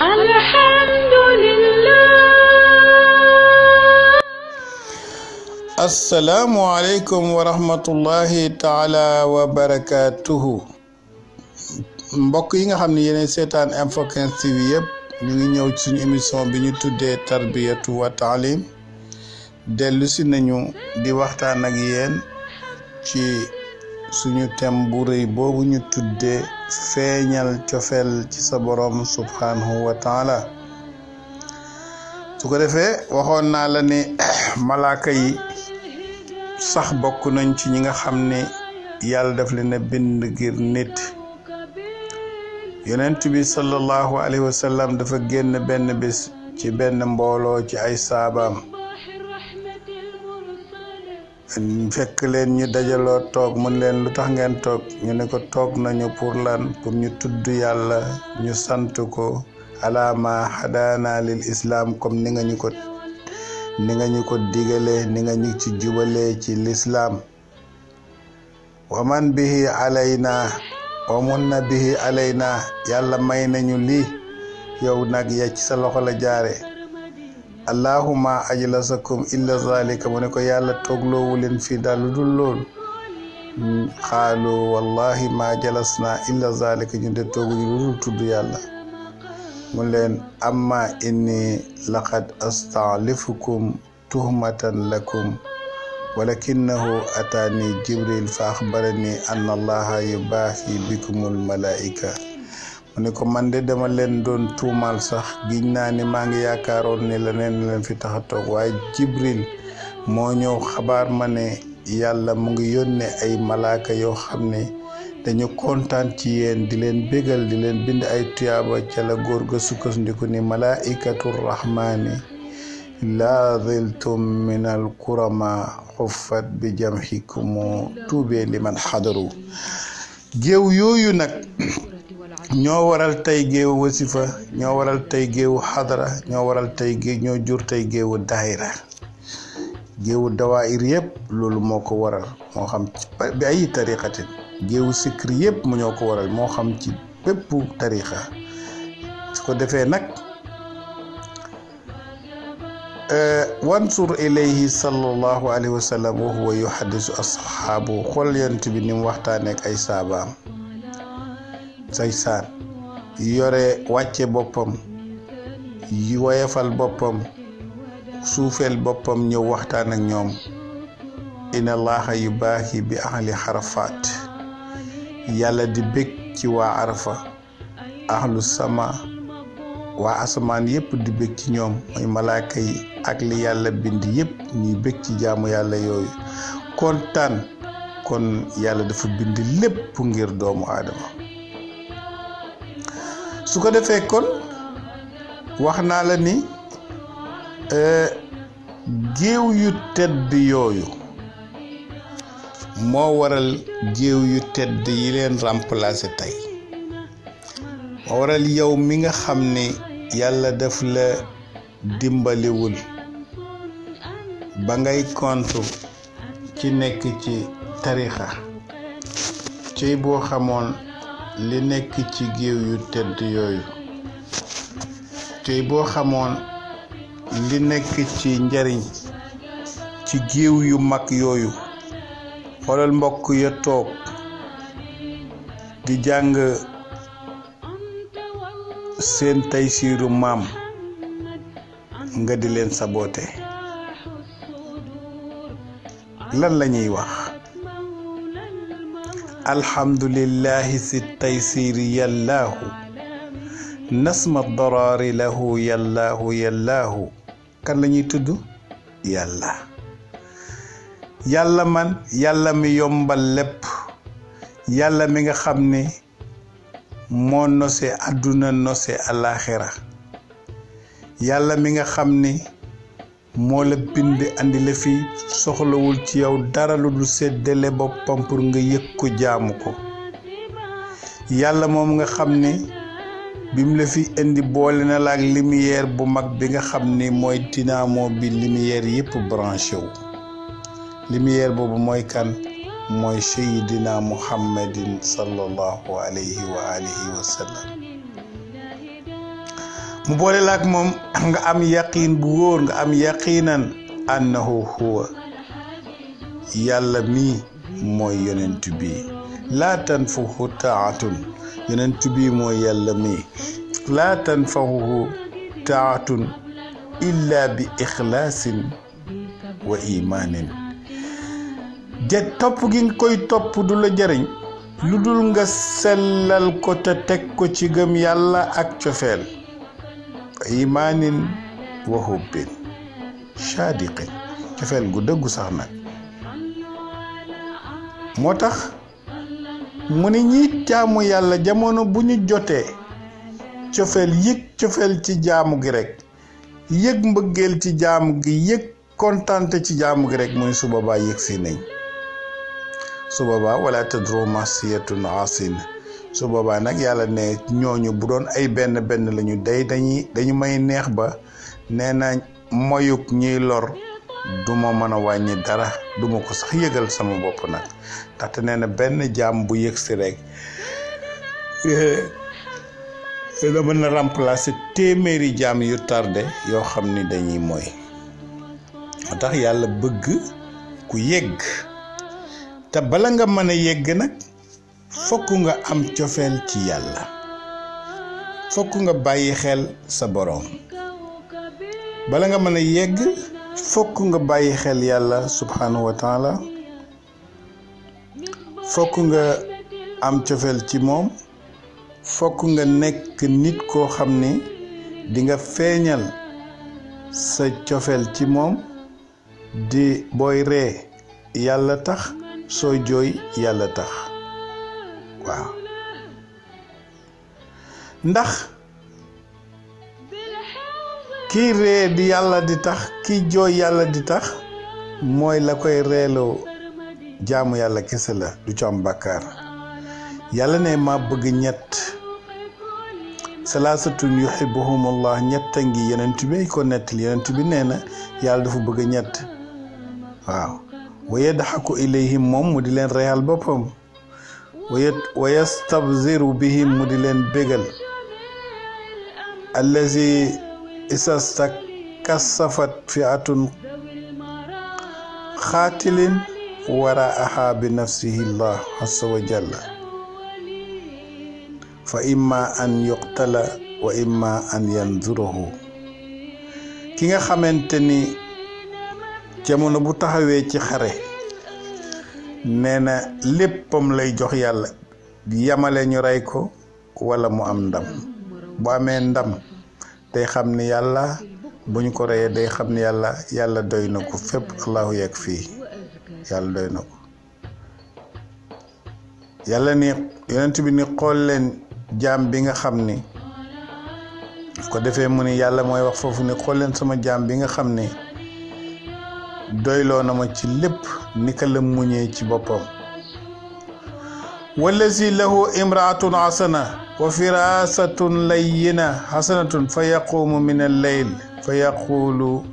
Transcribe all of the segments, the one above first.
alhamdulillah. asalaamualeykum wa rahmatullahi taala wa mbokk yi nga xam ne yéenay seetaan Infos 15 TV yëpp ñu ngi ñëw ci suñu émission bi ñu tuddee tarbiyatu wa taalim nañu di waxtaan ak yéen ci. suñu tem bu rëy boobu ñu tudde feeñal cofeel ci sa boroom subhanahu wa su ko defee waxoon naa la ne malaaka yi sax bokk nañ ci ñi nga xam ni yàlla def leen a bind ngir nit yonent bi sallallahu alayhi wa dafa génn benn bis ci benn mbooloo ci ay saabaam fekk leen ñu dajaloo toog mën leen lu tax ngeen toog ñu ne ko toog nañu pour lan pour ñu tudd yàlla ñu sant ko alama xadaana lil islam comme ni nga ñu ko ni nga ñu ko digalee ni nga ñu ci jubalee ci lislaam wa man bihi alayna wa mun na bihi alayna yàlla may nañu lii yow nag ya ci sa loxo la jaaree allahuma ajlasakum illa zalika mu ne ko yàlla toogloowu leen fii daal lu dul loolu xaalu wallahi ma jalasna illa zalika ñu de tooguñu lu dul tudd yàlla mu leen amma inni laqad astalifukum tuhmatan lakum walakinahu ataani jibril fa axbarani anna allaha yubahi bikumul malaika mu ne ko man de demal leen doon tuumaal sax giñ naa ni maa ngi yaakaaroon ne leneen leen fi tax a toog waaye Jibril moo ñëw xabaar ma ne yàlla mu ngi yónnee ay malaaka yoo xam ne dañu kontaan ci yéen di leen bégal di leen bind ay tuyaaba ca la góor ga sukkandiku ni malaaikatu rahmaani laa ziltum min al kurama bi bi jamxikum tuubee li man xadaru géew yooyu nag ñoo waral tey géewu wasifa ñoo waral tey géewu xadara ñoo waral tey gé ñoo jur tey géewu daayira géewu dawaayir yëpp loolu moo ko waral moo xam ci bi ay tariqatin géewu sikri yëpp mu ñoo ko waral moo xam ci bépp tariqa su ko defee nag euh, wansur ilayhi sallallahu alayhi wa sallam wa huwa yuhaddisu asxaabu xool bi ni waxtaaneek ay saabaam say saar yore wàcce boppam yi woyefal boppam suufeel boppam ñëw waxtaan ak ñoom inna allaha yu baaxi bi ahli xarafaat yàlla di bég ci waa arafa ahlu sama waa asamaan yépp di bég ci ñoom mooy malaaka yi ak li yàlla bind yépp ñuy bég ci jaamu yàlla yooyu kontaan kon yàlla dafa bind lépp ngir doomu aadama su ko defee kon wax naa la ni euh, géew yu tedd yooyu moo waral géew yu tedd yi leen remplacer tey moo waral yow mi nga xam ni yàlla def la dimbaliwul ba ngay kontu ci nekk ci tarixa ci boo xamoon li nekk ci tey boo xamoon li nekk ci njariñ ci géew yu mag yooyu xoolal mbokk ya toog di jàng seen taysiiru maam nga di leen saboote lan lañuy wax alhamdulillahi si taysiri yallaahu nasma daraari lahu yallaahu yallaahu kan lañuy tudd yàlla yàlla man yàlla mi yombal lépp yàlla mi nga xam ni moo nose àdduna nose alaaxira yàlla mi nga xam ni moo la bind andi la fii soxlawul ci yow dara lu dul séddale boppam pour nga yëg ko jaamu ko yàlla moom nga xam ni bi mu la fi indi boole na la ak lumière bu mag bi nga xam ni mooy dynamo bi lumière yëpp branché wu boobu mooy kan mooy Seydina Muhammadin sallallahu alayhi wa alihi wa sallam mu boole laak moom nga am yaqiin bu wóor nga am yaqiinan annahu huwa yàlla mii mooy yonent bi laa tanfahu taatun yonent bi mooy yàlla mii laa tanfahu taatun illa bi ixlaasin wa imaanin ja topp gi nga koy topp du la jariñ lu dul nga sellal ko te teg ko ci gëm yàlla ak cofeel imaanin wa hubbin cofeel gu dëggu sax nag moo tax mu ni ñiy jaamu yàlla jamono bu ñu jotee cofeel yëg cofeel ci jaamu gi rek yëg mbëggeel ci jaamu gi yëg kontante ci jaamu gi rek mu ni su boobaa yëg si nañ su boobaa wala tadro masiyatun su boobaa nag yàlla ne ñooñu bu doon ay benn benn lañu day dañuy dañu may neex ba nee na moyuk ñuy lor duma mën a wàññi dara duma ko sax yëgal sama bopp nag ndaxte nee na benn jaam bu yëg si rek eh, eh, da mën a remplacer téeméeri jaam yu tardé yoo xam ni dañuy mooy a tax yàlla bëgg ku yëgg te bala nga mën a yëgg nag fokk nga am cofeel ci yàlla fokk nga sa boroom bala nga mën a yegg fokk nga bàyyi xel yàlla subhanahu wa taala fokk am cofeel ci moom fokk nga nekk nit koo xam ni dinga feeñal sa cofeel ci moom di booy ree yàlla tax sooy jooy yàlla tax ndax kii ree di yàlla di tax kii jooy yàlla di tax mooy la koy reeloo jaamu yàlla kese la du ci am bàkkaar yàlla ne ma bëgg ñett salaasatun yuhibbuhum allah ñett a ngi yenent bi ko nettali yenent bi nee na yàlla dafa bëgg ñett waaw wa yadxaku ilayhim moom mu di leen reyal boppam wa yastabziru bihim mu di leen bégal allazi istakasafat fi'atun xaatilin waraaha bi nafsihi llah azza wa jalla fa imma an yuqtala wa imma an yanzurahu ki nga xamante ni jamono bu taxawee ci xare nee léppom lay jox yàlla yamale ñu rey ko wala mu am ndam bu amee ndam day xam ni yàlla bu ñu ko reyee day xam ni yàlla yàlla doy na ko fépp allahu yegg fii yàlla doy na ko yàlla ni yonent bi ni xool leen jaam bi nga xam ni ko defee mu ni yàlla mooy wax foofu ni xool leen sama jaam bi nga xam ni doyloo na ma ci lépp ni ka la muñee ci boppam wallazi lahu imraatun asana wa la layyina hasanatun fa yaqumu min al-layl fa yaqulu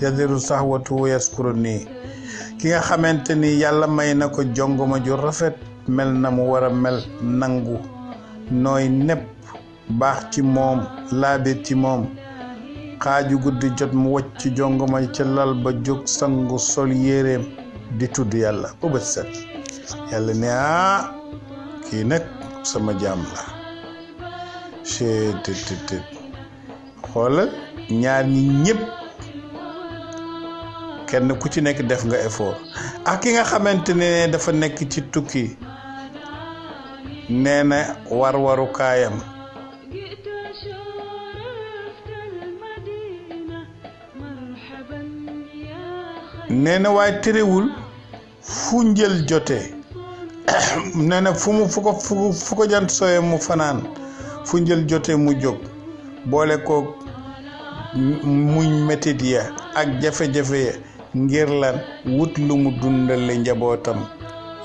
yadiru sahwatu wa yaskuru nii ki nga xamante ni yàlla may na ko jongoma ju rafet mel na mu war a mel nangu nooy nepp baax ci moom laabe ci moom xaaju guddi jot mu wocc jongoma ca lal ba jóg sangu sol yéreem di tudd yàlla ba bët set yàlla ne ah kii nag sama jaam la ct të xoolal ñaar ñi ñëpp kenn ku ci nekk def nga effort ak ki nga xamante ne dafa nekk ci tukki nee na war-waru kaayam waaye terewul fu njël jotee nee na fu mu fu ko fu ko jant sooyee mu fanaan fu njël jotee mu jóg boole kook muñ metit ya ak jafe-jafe ya ngir lan wut lu mu dundale njabootam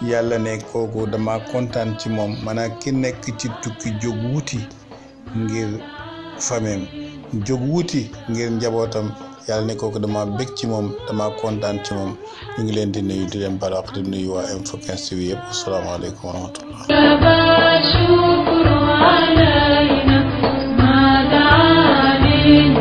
yàlla ne kooku dama kontaan ci moom maanaam ki nekk ci tukki jóg wuti ngir famem jóg wuti ngir njabootam yàlla ne kooku dama bég ci moom dama kontaan ci moom ñu ngi leen di nuyu di leen balaax di nuyu waa Infos 15 TV yëpp asalaamaaleykum wa rahmatullah You.